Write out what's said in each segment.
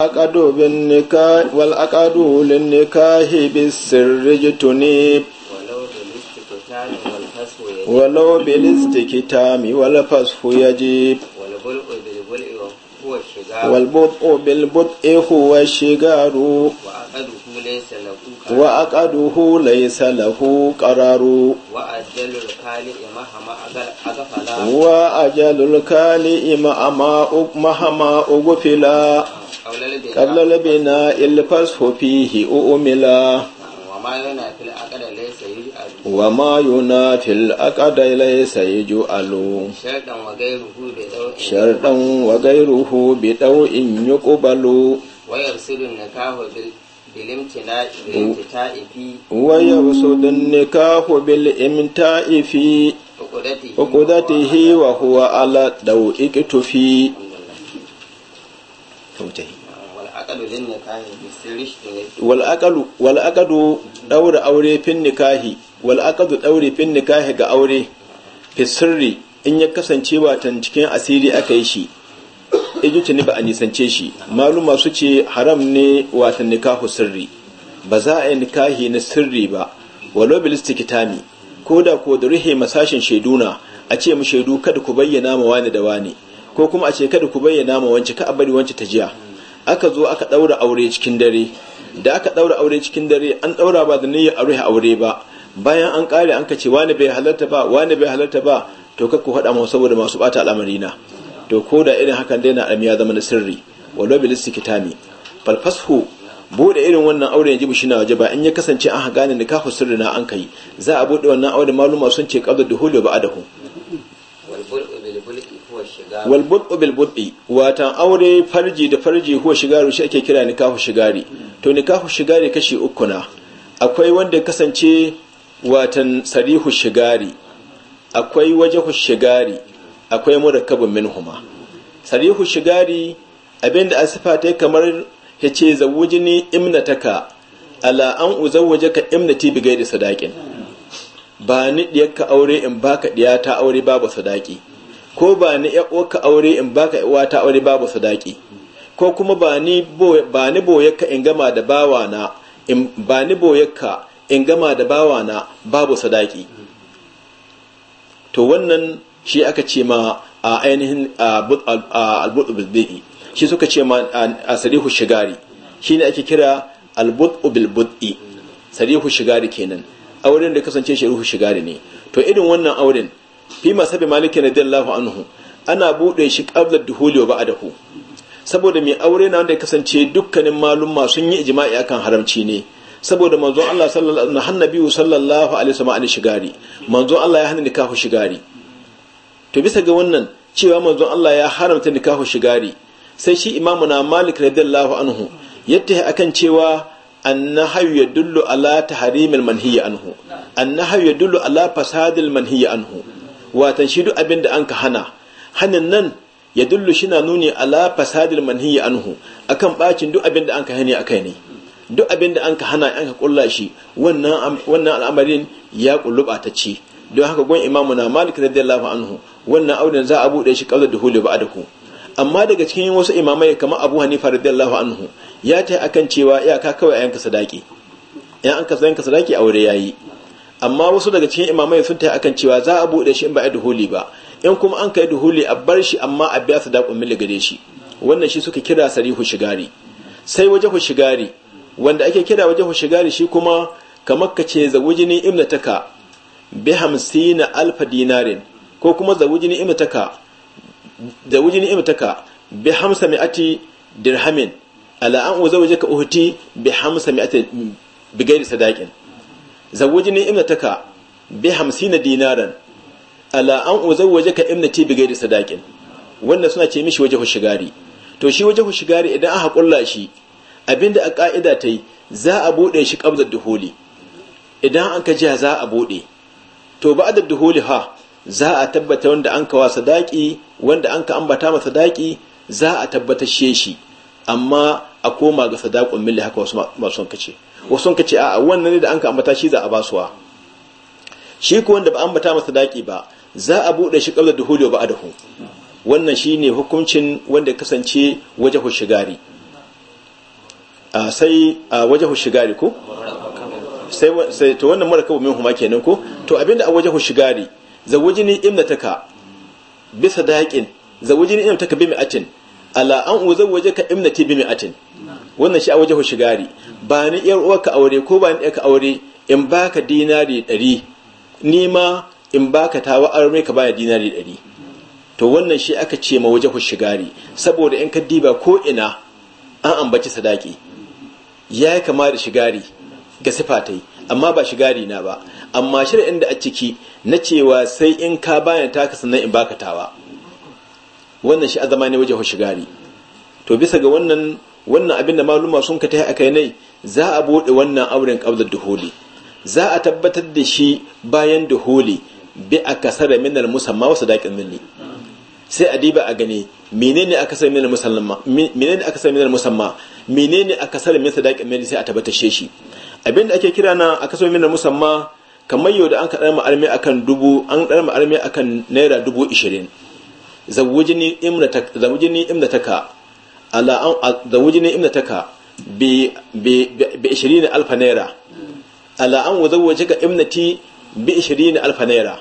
الأقد بالنكاح والأقد للنكاح بالسر جتنيب ولو بالاستكتام والفسف يجيب والبطء بالبطء هو الشجار وأقده ليس له قرار وأجل الكالئ مهما أغفلا kallale bai na ilfas hofi hi umila wa ma yuna fil akada lai sai ju alu sharɗan wa gai ruhu bi ɗau in yi ƙubalu wayar sudun ni kahu bil imta ifi ukudati hi wa huwa ala ɗau ikitufi Tautai. walakadu lin daura aure fin nikahi wal daure fin nikahi ga aure fi sirri in ya kasance watan cikin asiri aka yi shi iji tuni ba a nisance shi maluma su ce haram ne watan nikahu sirri ba za a yi nikahi na sirri ba walau bil istikitami ko da ko da ruhe masashin shaiduna a ce mu shaidu kada ku bayyana ma wani da wani ko kuma a ce kada ku bayyana ma wance ka a bari wance ta jiya aka zo aka ɗaura aure cikin dare da aka ɗaura aure cikin dare an ɗaura ba da niyyar a aure ba bayan an ƙare an kace wani bai halarta ba wani bai halarta ba to ku haɗa mu saboda masu bata al'amari na to ko da irin hakan dai na armi ya zama na sirri wallo bil sikitami fal fashu bude irin wannan aure yaji shi waje ba in ya kasance an gane nikahu sirri na an kai za a bude wannan aure maluma sun ce qabla duhuli wa ba'dahu wal bud'u bil watan aure farji da farji ko shigaru shi ake kira nikahu shigari to nikahu shigari kashi uku na akwai wanda kasance watan sarihu shigari akwai wajahu shigari akwai murakkabun minhuma sarihu shigari abinda asifa ta kamar yace zawujini imnataka ala an uzawwajaka imnati bi da sadaqin ba ni diyakka aure in baka diya ta aure babu sadaki ko ba ni ya aure in baka uwa ta aure babu sadaki ko kuma ba ni ba ni in gama da bawa na in ba ni in gama da babu sadaki to wannan shi aka ce ma a ainihin albut bilbidi shi suka ce ma a sarihu shigari shi ne ake kira albut bilbudi sarihu shigari kenan auren da kasance ruhu shigari ne to irin wannan auren fi masabi maliki radiyallahu anhu ana bude shi qabla duhuli a dahu saboda mai aure na wanda ya kasance dukkanin malumma sun yi ijma'i akan haramci ne saboda manzon Allah sallallahu alaihi sallallahu alaihi wasallam an shigari manzon Allah ya hana nikahu shigari to bisa ga wannan cewa manzon Allah ya haramta nikahu shigari sai shi imamu na Malik radiyallahu anhu yattahi akan cewa annahu yadullu ala tahrimil manhiya anhu annahu yadullu ala fasadil manhiya anhu watan shi duk abin da an ka hana hannun nan ya dullu shi na nuni ala fasadil manhiyi anhu akan bacin duk abin da an ka hani kai ne duk abin da an ka hana an ka kulla shi wannan al'amarin ya kulluba ta ci don haka gwan imamu na malik radiyallahu anhu wannan auren za a buɗe shi da hulu ba ku amma daga cikin wasu imamai kamar abu hanifa radiyallahu anhu ya ta akan cewa iyaka kawai a yanka sadaki yanka sadaki aure yayi amma wasu daga cikin imamai sun tayi akan cewa za a buɗe shi in ba a duhuli ba in kuma an kai duhuli a bar shi amma a biya su da mili gare shi wannan shi suka kira sarihu shigari sai waje shigari wanda ake kira waje shigari shi kuma kamar ka ce zawujini imnataka bi hamsina alfa dinarin ko kuma zawujini imnataka zawujini imnataka bi hamsa mi'ati dirhamin ala an uzawjaka uhti bi hamsa mi'ati bi gairi sadaqin imna taka bi hamsina dinaran ala an ka imna ti ghairi sadaqin wannan suna ce mishi waje shigari to shi waje shigari idan aka kulla shi abinda a ka'ida tai za a bude shi qabla duhuli idan an ka jiya za a bude to ba adab duhuli ha za a tabbata wanda an kawa sadaki wanda an ka ambata masa sadaki za a tabbata shi amma a koma ga sadaqun milli haka wasu masu kace wasu ka ce a'a wannan ne da an ka ambata shi za a basuwa shi ko wanda ba ambata masa daki ba za a bude shi hudu duhuli wa ba'dahu wannan shi ne hukuncin wanda kasance wajahu shigari a sai a wajahu shigari ko sai sai to wannan marakabu min huma kenan ko to abinda a wajahu shigari zawajini imnataka bisa daqin zawajini imnataka bi mi'atin ala an uzawwajaka imnati bi mi'atin wannan shi a waje shigari ba ni yar ka aure ko ba ni ka aure in baka dinari ɗari ni ma in baka tawa aure ka baya dinari ɗari to wannan shi aka ce ma waje shigari saboda in ka diba ko ina an ambaci sadaki ya kama da shigari ga sifatai amma ba shigari na ba amma shirin da a ciki na cewa sai in ka bayan taka sannan in baka tawa wannan shi a zama ne waje shigari to bisa ga wannan wannan abin da maluma sun ka tahi akai nai za a bude wannan auren qabla duhuli za a tabbatar da shi bayan duhuli bi akasara min al musamma wa sadaqin minni sai a diba a gani menene akasara min al musamma menene akasara min al musamma menene akasara min sadaqin minni sai a tabbatar shi abin da ake kira na akasara min al musamma kamar yau da an kaɗar ma'armi akan dubu an kaɗar ma'armi akan naira dubu ishirin zawujini taka ala an zawajini ibnataka bi bi bi 20 alfa naira ala an wazawajaka ibnati bi 20 alfa naira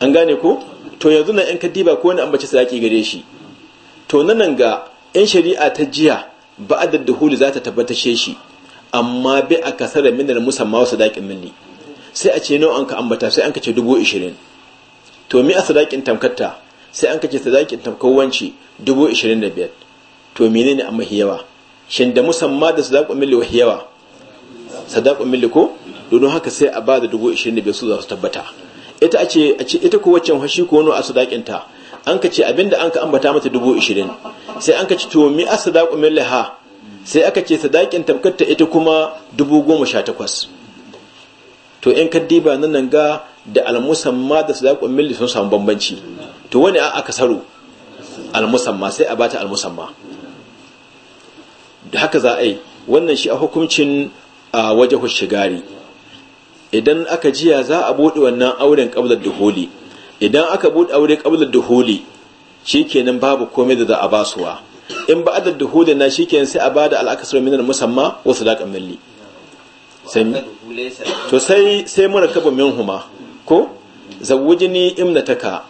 an gane ku? to yanzu na yan kadiba ko wani ambaci sadaki gare shi to nan ga yan shari'a ta jiya ba'adad duhuli za ta tabbatashe shi amma bi a kasar minar musamman wasu daƙin minni sai a ce nawa an ka ambata sai an ka ce dubu ishirin to mi a sadakin tamkatta sai an ka ce sadakin tamkawanci dubu ishirin da biyar to menene a mahi yawa shin da musamman da sadaqun milli wahi yawa sadaqun milli ko don haka sai a ba da dubu ishirin da bai su za su tabbata ita a ce ita ko waccan hashi ko wani a sadaqin ta an ka ce abinda an ka ambata mata dubu ishirin sai an ka ce to mi a sadaqun milli ha sai aka ce sadaqin tabkatta ita kuma dubu goma sha takwas to in ka diba nan ga da almusamma da sadaqun milli sun samu bambanci to wani a aka saro almusamma sai a bata almusamma da haka za a yi wannan shi a hukuncin a waje hushigari idan aka jiya za a buɗe wannan auren ƙablar duhuli idan aka buɗe aure ƙablar duhuli kenan babu komai da za a basuwa in ba da duhuli na kenan sai a ba da al'akasar minar musamma wasu laƙan milli to sai sai min minhuma ko zawwajini imnataka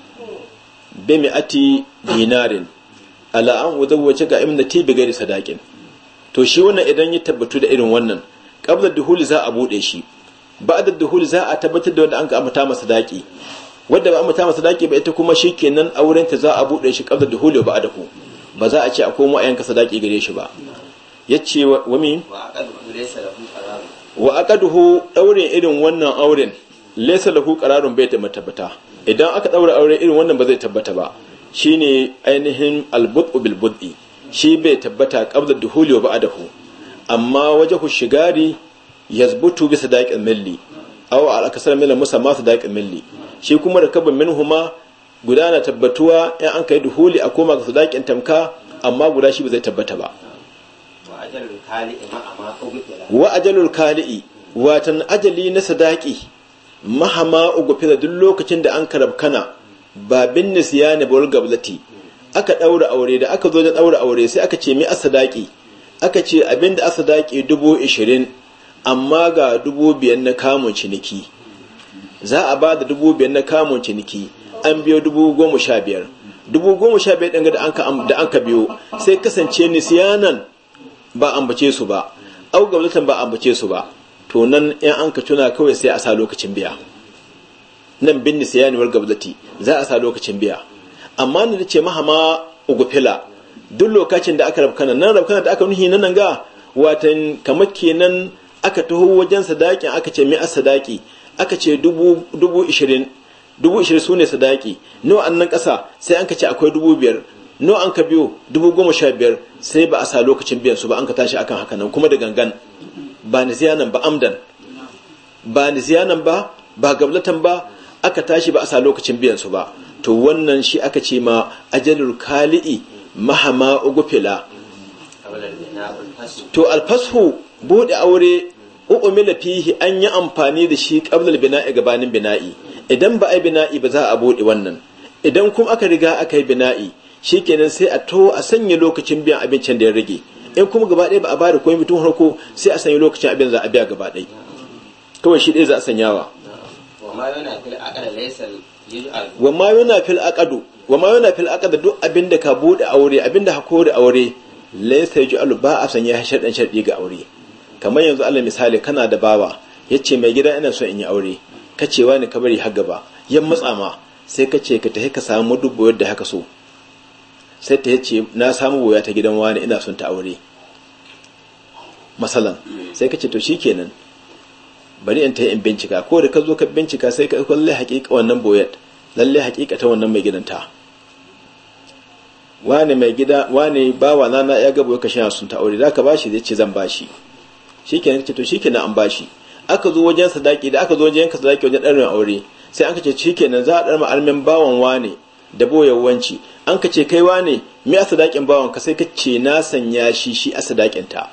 bi mi'ati dinarin ala an wadawace ga imnati bi gari sadakin. to shi wannan idan ya tabbatu da irin wannan qabla duhul za a bude shi ba'da duhul za a tabbatar da wanda an ka amata masa daki wanda ba amata masa daki ba ita kuma shikenan auren ta za a bude shi qabla duhul ba ku ba za a ce a komo a yanka sadaki gare shi ba yace wa min wa aqaduhu daurin irin wannan auren laysa lahu qararun bai tabbata idan aka daura aure irin wannan ba zai tabbata ba shine ainihin albudu bil bud'i shi bai tabbata qabla duhuli wa ba'dahu amma wajhu shigari yazbutu bisa daqiq milli aw al akasar millan musamma su milli shi kuma rakabun minhuma guda na tabbatuwa in an kai duhuli a koma ga sadaqin tamka amma guda shi ba zai tabbata ba wa ajalul kali'i watan ajali na sadaqi mahama ugufila duk lokacin da an karabkana ba bin nisiyani bawal gablati aka ɗaura aure da aka zo da ɗaura aure sai aka ce mai asadaki aka ce abin abinda asadaki dubu ishirin amma ga dubu biyan na kamun ciniki za a ba da dubu biyan na kamun ciniki an biyo dubu goma sha biyar dubu goma sha biyar ɗanga da an ka biyo sai kasance nisiyanan ba ambace su ba au gabzatan ba ambace su ba to nan yan an ka tuna kawai sai a sa lokacin biya nan bin nisiyani wal gabzati za a sa lokacin biya amma ni da ce ma ugufila duk lokacin da aka rabkana nan rabkana da aka nuhi nan ga watan kamar kenan aka taho wajen sadaki aka ce mai sadaki aka ce dubu ishirin dubu ishirin su ne sadaki nawa nan ƙasa sai an ka ce akwai dubu biyar nawa an ka biyo dubu goma sha biyar sai ba a sa lokacin biyan su ba an ka tashi akan haka nan kuma da gangan ba ni ziyanan ba amdan ba ni ziyanan ba ba gablatan ba aka tashi ba a sa lokacin biyan su ba to wannan shi aka ce ma Ajalur kali'i mahama ugufila to alfashu bude aure u'umila fihi an yi amfani da shi qablal bina'i gabanin bina'i idan ba ai bina'i ba za a bude wannan idan kuma aka riga aka yi bina'i kenan sai a to a sanya lokacin biyan abincin da ya rage in kuma gaba ɗaya ba a bada komai mutum harko sai a sanya lokacin abin za a biya gaba ɗaya kawai shi ɗaya za a sanyawa wa wa yana fil aqadu wama yana fil aqadu duk abinda ka bude aure abinda hako da aure laysa yaj'alu ba a sanya sharɗin sharɗi ga aure kamar yanzu Allah misali kana da bawa yace mai gida ina so in yi aure kace wani ka bari har gaba yan matsa ma sai kace ka tafi ka samu dubbo yadda haka so sai ta yace na samu boya ta gidan wani ina son ta aure masalan sai kace to shikenan bari in ta yi in bincika ko da ka zo ka bincika sai ka kwalle haƙiƙa wannan boyar lalle hakikata wannan mai gidanta wani mai gida wani bawa na na ya gabo ya kashe sun ta aure zaka bashi zai ce zan bashi shikenan ce to shikenan an bashi aka zo wajen sadaki da aka zo wajen yanka sadaki wajen ɗarin aure sai an ce shikenan za a ma almin bawan wani da boyawanci an ka ce kai wani me a sadakin bawan ka sai ka ce na sanya shi shi a sadakin ta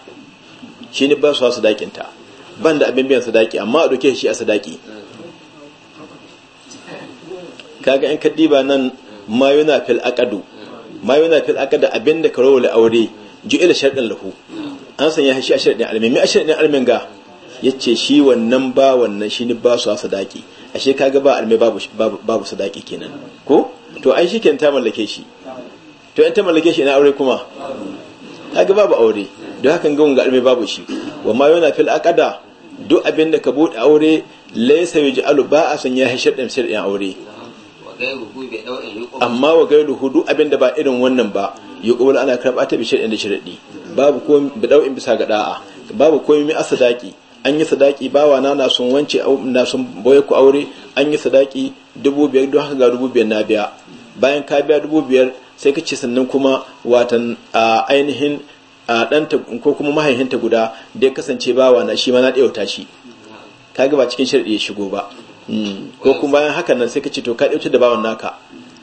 shi ne ba su sadakin ta ban da abin biyan sadaki amma a doke shi a sadaki kaga in ka diba nan ma yana fil aqadu ma yana fil aqadu abinda ka rawa aure ju'ila sharɗin lahu an ya shi a sharɗin almi mi a sharɗin almin ga yace shi wannan ba wannan shi ne ba su sadaki ashe kaga ba almi babu babu sadaki kenan ko to ai shi ta mallake shi to in ta mallake shi ina aure kuma kaga babu aure don hakan gawon ga almai babu shi wa ma yana fil aqada duk abin da ka bude aure laysa yaj'alu ba a sanya shi sharɗin aure amma wa gairu hudu abinda ba irin wannan ba yi ƙobar ana karɓa ta bishir da shirɗi babu ko bi ɗau'in bisa ga ɗa'a babu ko mi a sadaki an yi sadaki ba na nana sun wance na sun boye ku aure an yi sadaki dubu biyar don haka ga dubu biyar na biya bayan ka biya dubu biyar sai ka ce sannan kuma watan ainihin ɗanta ko kuma mahaihinta guda da ya kasance wa na shi ma na ɗaya ta shi ka ga ba cikin sharaɗi ya shigo ba ko kuma bayan hakan nan sai ka ce to ka dauke da bawan naka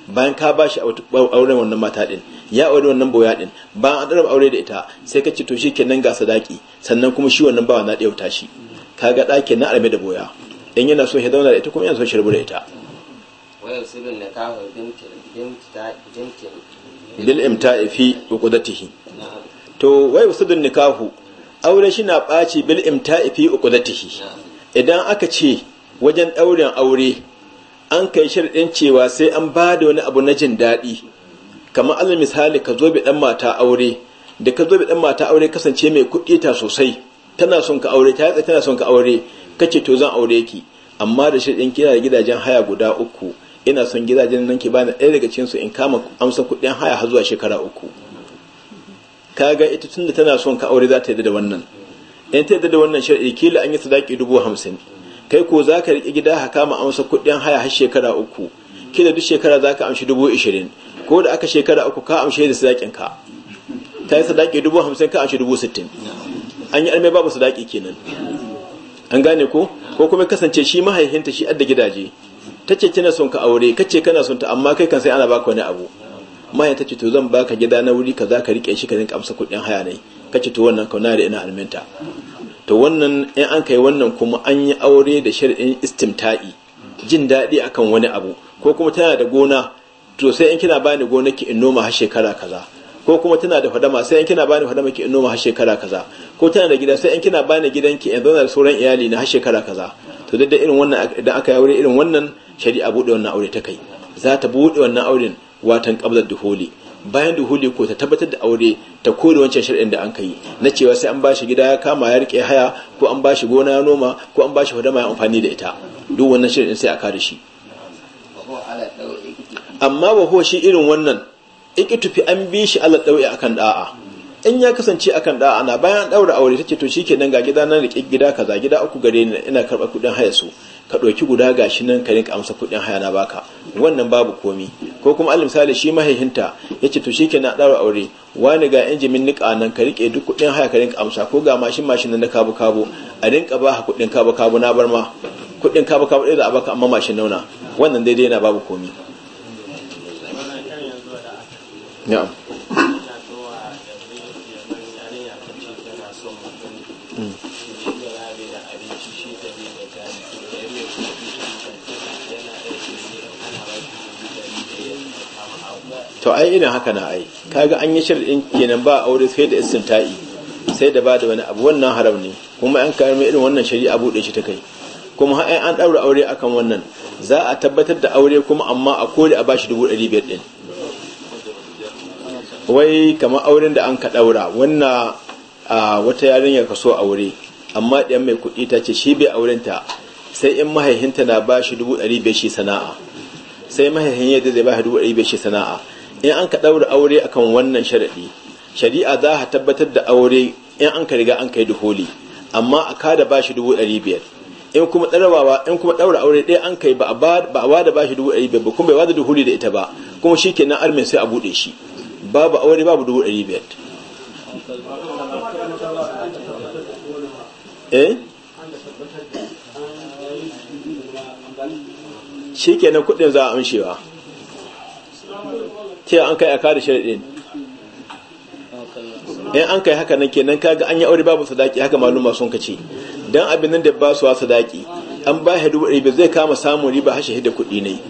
bayan ka ba shi auren wannan mata ɗin ya aure wannan boya ɗin bayan an ɗaura aure da ita sai ka ce to shi kenan ga sadaki sannan kuma shi wannan bawan na ɗauta shi kaga ɗakin na arme da boya in yana so ya zauna da ita kuma yana so shi rabu da ita lil imta'i fi uqdatihi to wai usudun nikahu aure shi na ɓaci bil imta'i fi uqdatihi idan aka ce wajen ɗaurin aure an kai sharɗin cewa sai an ba da wani abu na jin daɗi kamar alal misali ka zo bi ɗan mata aure da ka zo bi ɗan mata aure kasance mai kuɗi ta sosai tana son ka aure ta yatsa tana son ka aure kace to zan aure ki amma da sharɗin kina da gidajen haya guda uku ina son gidajen nan ki bani ɗaya daga cikinsu in kama amsa kuɗin haya har zuwa shekara uku Ka ga ita tunda tana son ka aure za ta yadda da wannan in ta yadda da wannan shar'i kila an yi sadaki dubu hamsin kai ko za ka riƙe gida ka kama amsa kuɗin haya har shekara uku kila duk shekara za ka amshi dubu ishirin ko da aka shekara uku ka amshe da sadakin ka ta yi sadaki dubu hamsin ka amshi dubu sittin an yi almai babu sadaki kenan an gane ko ko kuma kasance shi mahaifinta shi adda gidaje ta ce kina son ka aure ka ce kana son ta amma kai kan sai ana baka wani abu mahaifin ta ce to zan baka gida na wuri ka za ka riƙe shi ka rinka amsa kuɗin haya ne ka ce to wannan kauna da ina alminta to wannan in an kai wannan kuma an yi aure da shari'in istimta'i jin daɗi akan wani abu ko kuma tana da gona to sai in kina bani gona ki in noma har shekara kaza ko kuma tana da fadama sai in kina bani fadama ki in noma har shekara kaza ko tana da gida sai in kina bani gidan ki in zauna da sauran iyali na har shekara kaza to duk da irin wannan idan aka yi aure irin wannan shari'a bude wannan aure ta kai za ta bude wannan auren watan kabzar duholi bayan duhuli ko ta tabbatar da aure ta kore wancan shari'in da an kai na cewa sai an bashi gida ya kama ya rike haya ko an bashi gona ya noma ko an bashi hudama ya amfani da ita duk wannan shari'in sai a kare shi amma ba shi irin wannan tufi an bi shi ala dawi akan da'a in ya kasance akan da'a na bayan an daura aure tace to nan ga gida nan rike gida kaza gida uku gare ni ina karba kudin haya su ka ɗauki guda gashi nan ka rinka amsa kuɗin haya na baka wannan babu komi ko kuma alim sale shi mahaihinta ya ce to shi ke na tsara aure wani ga injimin niƙa nan ka riƙe duk kuɗin haya ka rinka amsa ko ga mashin mashin na kabu kabu a rinka ba ha kuɗin kabu kabu na bar ma kuɗin kabu kabu ɗaya za a baka amma mashin nauna wannan daidai na babu komi na'am to ai irin haka na ai kaga an yi sharadin kenan ba aure sai da istinta'i sai da ba da wani abu wannan haram ne kuma an kayar mai irin wannan shari'a bude shi ta kai kuma har an daura aure akan wannan za a tabbatar da aure kuma amma a kore a bashi dubu ɗari biyar ɗin wai kamar auren da an ka daura wannan wata yarinyar ka so aure amma ɗiyan mai kuɗi ta ce shi bai aurenta sai in mahaihinta na bashi dubu ɗari biyar shi sana'a sai mahaihin yadda zai bashi dubu ɗari biyar shi sana'a in an ka ɗaura aure akan wannan sharaɗi shari'a za ta tabbatar da aure in an ka riga an kai duholi amma a kada ba shi dubu ɗari biyar in kuma ɗarawawa in kuma ɗaura aure ɗaya an kai ba a ba da ba shi dubu ɗari biyar ba kuma bai wada duholi da ita ba kuma shi ke nan armin sai a buɗe shi babu aure babu dubu ɗari biyar eh shi kuɗin za a amshewa cewa an kai a kada sharaɗi in an kai haka nan kenan kaga an yi aure babu sadaki haka maluma sun kace dan abin nan da ba su sadaki an ba shi dubu ba zai kama samun riba har shahida kuɗi ne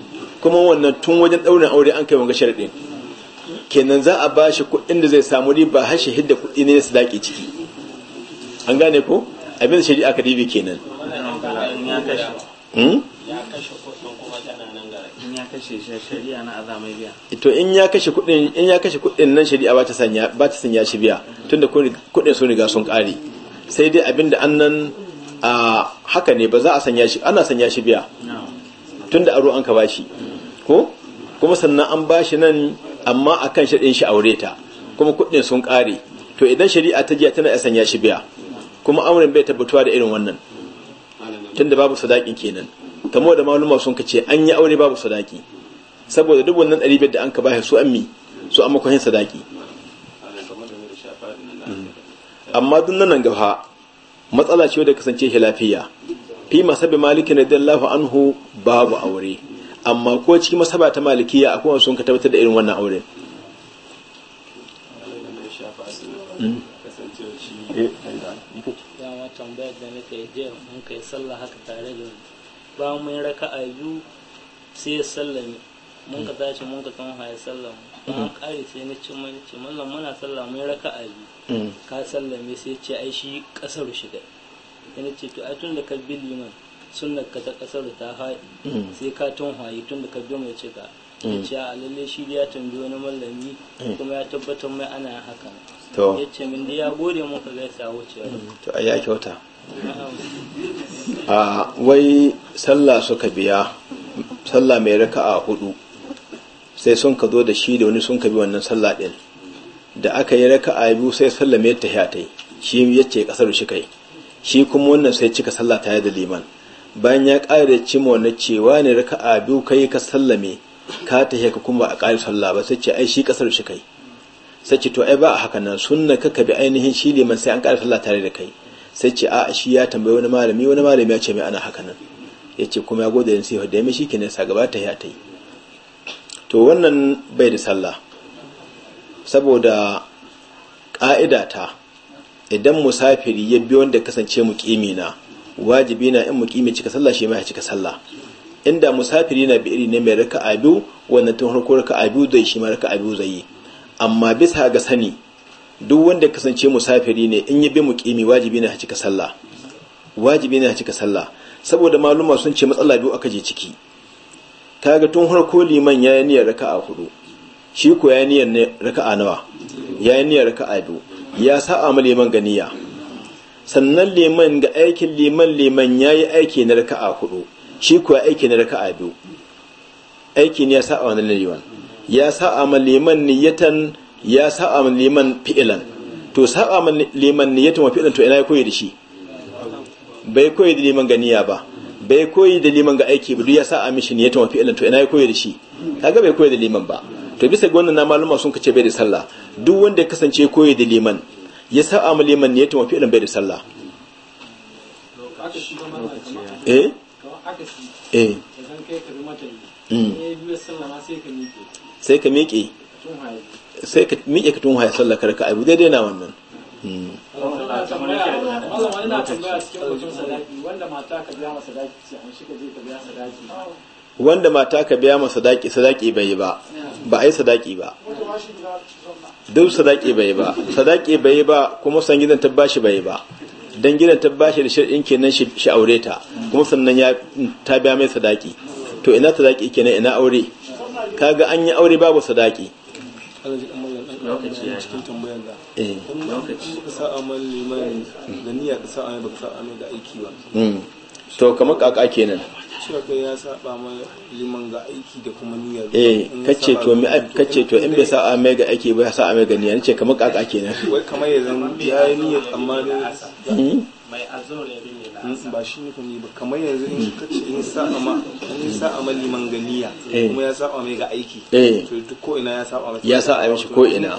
kuma wannan tun wajen ɗaurin aure an kai wanga sharaɗin kenan za a ba shi kuɗin da zai samu riba har shahida kuɗi ne sadaki ciki an gane ko abin da shari'a ka dibi kenan hmm? kashe shari'a na biya to in ya kashe kudin in ya kashe kudin nan shari'a ba ta sanya ba ta sanya shi biya tunda kudin sun riga sun kare sai dai abinda annan a haka ne ba za a sanya shi ana sanya shi biya tunda aro an ka bashi ko kuma sannan an bashi nan amma akan shaɗin shi aure ta kuma kudin sun kare to idan shari'a ta jiya tana sanya shi biya kuma auren bai tabbatuwa da irin wannan tunda babu sadakin kenan kamar da maluma sun ka ce an yi aure babu sadaki saboda duk wannan ɗari biyar da an ka bayar su an mi su an yin sadaki amma duk nan gaba matsala ce da kasance shi lafiya fi masabi maliki na dallahu anhu babu aure amma ko ciki masaba ta malikiya akwai wasu sun ka tabbatar da irin wannan aure hmm? ya watan da nake jiya mun kai sallah haka tare da ba mun a biyu sai ya sallame mun ka tashi mun ka kama haya sallama an kare sai na ci mai ci mallam muna sallama mun a biyu mm. ka sallame sai ce ai shi kasar shi dai yana ce to ai tun da ka bi liman sunnar ka ta kasar ta haɗi mm. sai ka tun hayi tun da ka bi mai cika ya mm. ce a lalle shi ya tambi wani mallami kuma ya tabbatar mai ana hakan ya ce min da ya gode mun ka gaisa wucewa to ai ya kyauta a wai sallah suka biya sallah mai raka'a hudu sai sun ka zo da shi da wani sun ka bi wannan sallah din da aka yi raka'a biyu sai sallah mai ta hiyatai shi yace kasar shi kai shi kuma wannan sai cika sallah ta da liman bayan ya ƙara cima wannan cewa ne raka'a biyu kai ka sallame ka ta ka kuma a ƙari sallah ba sai ce ai shi kasar shi kai sai ce to ai ba a haka nan sunna ka bi ainihin shi liman sai an ƙara sallah tare da kai sai ce a shi ya tambayi wani malami wani malami ya ce mai ana haka nan ya ce kuma ya gode da nasiha da ya mishi ke nesa, gaba ta ta yi to wannan bai da sallah saboda ƙa'ida ta idan musafiri ya biyo wanda kasance mukimi na wajibi na in muƙimi cika sallah shi mai cika sallah inda musafiri na bi iri ne mai raka biyu wannan tun farko raka'a biyu zai shi ma raka'a biyu zai yi amma bisa ga sani duk wanda kasance musafiri ne in yi bi mukimi wajibi ne ya cika sallah wajibi ne ya cika sallah saboda maluma sun ce matsala biyu aka je ciki kaga tun harko liman yayi niyyar raka'a hudu shi ko yayi niyyar raka'a nawa yayi niyyar raka'a biyu ya sa'a ma liman ga niyya sannan liman ga aikin liman liman yayi aiki na raka'a hudu shi ko ya aiki na raka'a biyu aiki ne ya a wannan liman ya sa'a ma liman niyyatan ya sa'a min liman fi'ilan to sa'a min liman niyyatu wa fi'lan to ina koyi da shi bai koyi da liman ganiya ba bai koyi da liman ga aiki ba duk ya sa'a mishi niyyatu wa fi'lan to ina koyi da shi kaga bai koyi da liman ba to bisa ga wannan na maluma sun kace bai da sallah duk wanda ya kasance koyi da liman ya sa'a min liman niyyatu wa fi'lan bai da sallah eh eh hmm. sai ka miƙe sai ka miƙe ka tunha ya sallaka raka abu daidai na wannan wanda mata ka biya masa sadaki sadaki bai ba ba ai sadaki ba duk sadaki bai ba sadaki bai ba kuma san gidan tabbashi bai ba dan gidan tabbashi da shirin kenan shi aure ta kuma sannan ya ta biya mai sadaki to ina sadaki kenan ina aure kaga an yi aure babu sadaki alaji dan lokaci ya cikin da eh lokaci ka sa amal limani da niyya ka sa amal sa amal da aiki ba hmm. to kamar kaka kenan ya saba ma liman ga aiki da kuma niyya eh kace to kace to in bai sa amal ga aiki ba sa amal ga niyya nace kamar kaka kenan wai kamar ya yi niyya amma mai alzorin na mm, ba shi ne ba kamar yanzu in ka ce in sa'a ma in sa'a ma liman ganiya eh. kuma ya sa'a mai ga aiki eh. to duk ko ina ya sa'a mai ya sa'a mishi ko ina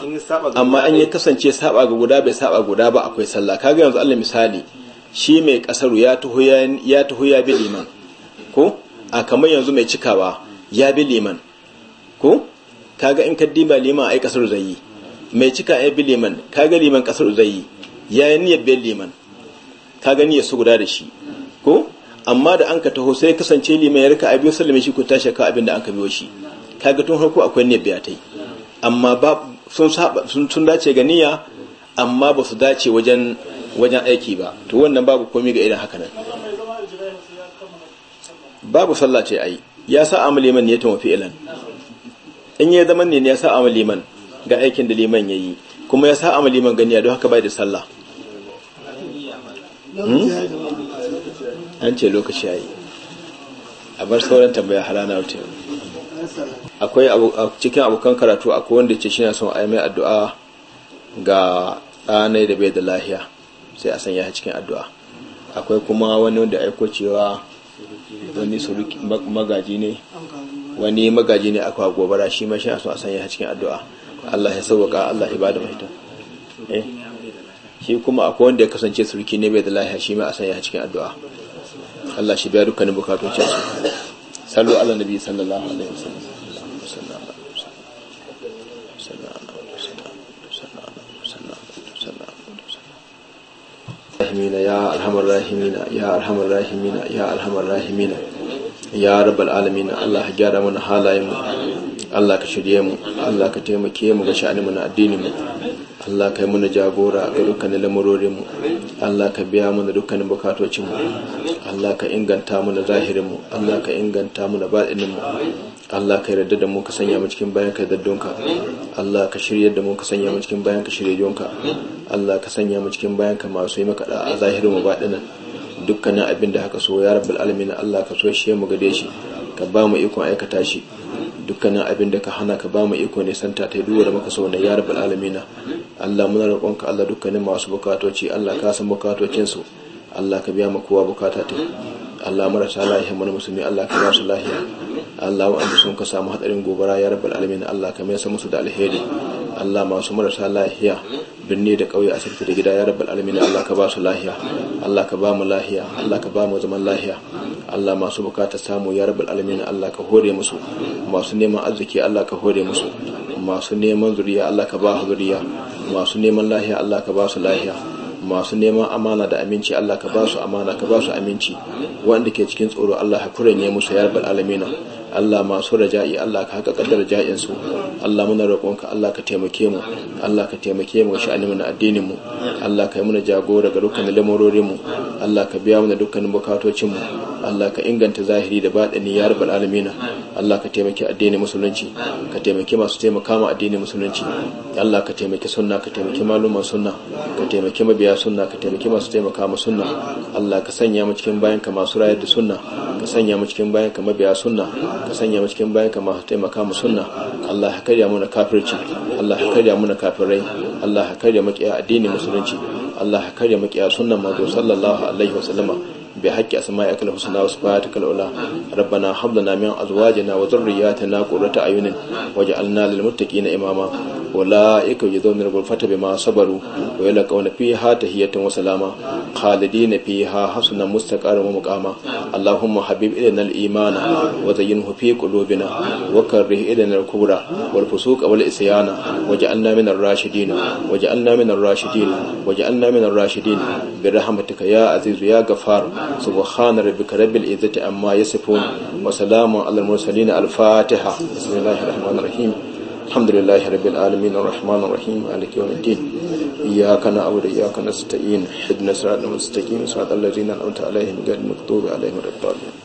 amma an ya kasance saba ga guda bai saba guda ba akwai sallah kaga yanzu Allah misali shi mai kasaru ya taho ya taho ya bi liman ko a kamar yanzu mai cikawa ya bi liman ko kaga in ka diba liman ai kasaru zai yi mai cika ya bi liman kaga liman kasaru zai yi ya yi niyyar bi liman ka gani ya su guda da shi ko amma da an ka taho sai kasance liman ya rika a biyu sallame shi ko tashi ka abin da an ka biyo shi ka ga tun harko akwai niyyar biya ta amma ba sun saba sun dace ga niyya amma ba su dace wajen wajen aiki ba to wannan babu komai ga irin haka nan babu sallah ce ai ya sa amal liman ne ya tawafi ilan in ya zama ne ya sa amal liman ga aikin da liman yi kuma ya sa amal liman ganiya don haka bai da sallah Hmm? an ce lokaci ya yi a bar sauran tambaya halana wuce akwai cikin abokan karatu akwai wanda ce shi na son a yi mai addu'a ga ɗanai da bai da lahiya sai a sanya ya cikin addu'a akwai kuma wani wanda aiko cewa wani magaji ne wani magaji ne aka gobara shi mashi shi na son a sanya ya cikin addu'a Allah ya sauwaka Allah ya bada mahita eh shi kuma akwai wanda ya kasance surki ne bai da lahiya shi ma a sanya cikin addu'a Allah shi biya dukkanin bukatocin su Salo ala nabi sallallahu alaihi wasallam يا أرحم الراحمين يا أرحم الراحمين يا أرحم الراحمين ya rabbal al'amina, Allah ka gyara mana halayen mu Allah ka shirye mu Allah ka taimake mu ga sha'ani mu na addinin mu Allah ka yi mana jagora ga dukkanin lamurorinmu Allah ka biya mana dukkanin bukatocinmu Allah ka inganta mana zahirinmu Allah ka inganta mana baɗininmu Allah ka yarda da mu ka sanya mu cikin bayan ka daddonka Allah ka shirya da mu ka sanya mu cikin bayan ka shiryajonka Allah ka sanya mu cikin bayan ka masu yi maka da'a zahirin mu baɗinan dukkanin abin da haka so ya rabbal alamin Allah ka so shi mu gade shi ka ba mu ikon aikata shi dukkanin abin da ka hana ka ba mu iko ne santa ta yi duwa da maka sauna ya rabbal alamina Allah muna roƙonka Allah dukkanin masu bukatoci Allah ka san bukatocinsu Allah ka biya mu kowa bukata ta Allah marasa lahiya mana musulmi Allah ka ba su lahiya Allah wa'anda sun ka samu hadarin gobara ya rabbal alamina Allah ka mai musu da alheri Allah masu marasa lahiya binne da ƙauye asibiti da gida ya rabbal alamin Allah ka ba su lahiya Allah ka ba mu lahiya Allah ka ba mu zaman lahiya Allah masu bukata samu ya rabbal alamin Allah ka hore musu masu neman arziki Allah ka hore musu masu neman zuriya Allah ka ba su zuriya masu neman lahiya Allah ka ba su lahiya masu neman amana da aminci Allah ka ba su amana ka ba su aminci wanda ke cikin tsoro Allah hakure ne musu ya rabar alamina Allah masu raja'i Allah ka haka kaddara ja'in su Allah muna roƙonka Allah ka taimake mu Allah ka taimake mu mu na addinin mu Allah ka yi muna jagora ga dukkan lamororin mu Allah ka biya muna dukkanin bukatocin mu Allah ka inganta zahiri da baɗini ya rubar alamina Allah ka taimaki addinin musulunci ka taimaki masu taimaka ma addinin musulunci Allah ka taimaki sunna ka taimaki maluman sunna ka taimaki mabiya sunna ka taimaki masu taimaka ma sunna Allah ka sanya mu cikin bayan ka masu rayar da sunna ka sanya mu cikin bayan ka mabiya sunna ka sanya mu cikin bayan ka masu taimaka ma sunna Allah ka karya mu na kafirci Allah ka karya mu na kafirai Allah ka karya mu addinin musulunci Allah ka karya mu sunnan manzo sallallahu alaihi wasallama bi haƙƙi a sama ya kala husu na wasu fata kalaula rabba na hamza na min azuwaje na wajen riya na ƙorata a yunin waje an na imama wala ya kai yi zaunar gulfata bai ma sabaru ko yi laƙa wani fiha ta hiyar ta wasu lama khalidi na fiha hasu na musta ƙara mu muƙama allahumma habib idan na imana wata yin hufi kulubina wakan rihi idan na kura wani fusu ka wani isiyana waje an na minar rashidina waje an na minar rashidina waje an na minar rashidina bi rahama ya azizu ya gafara. subhana rabbika rabbil izzati amma yasifun wa salamun alal mursalin al fatiha bismillahir rahmanir rahim alhamdulillahi rabbil alamin arrahmanir rahim maliki yawmiddin iyyaka na'budu wa iyyaka nasta'in ihdinas siratal mustaqim siratal ladzina an'amta alaihim ghayril maghdubi alaihim waladdallin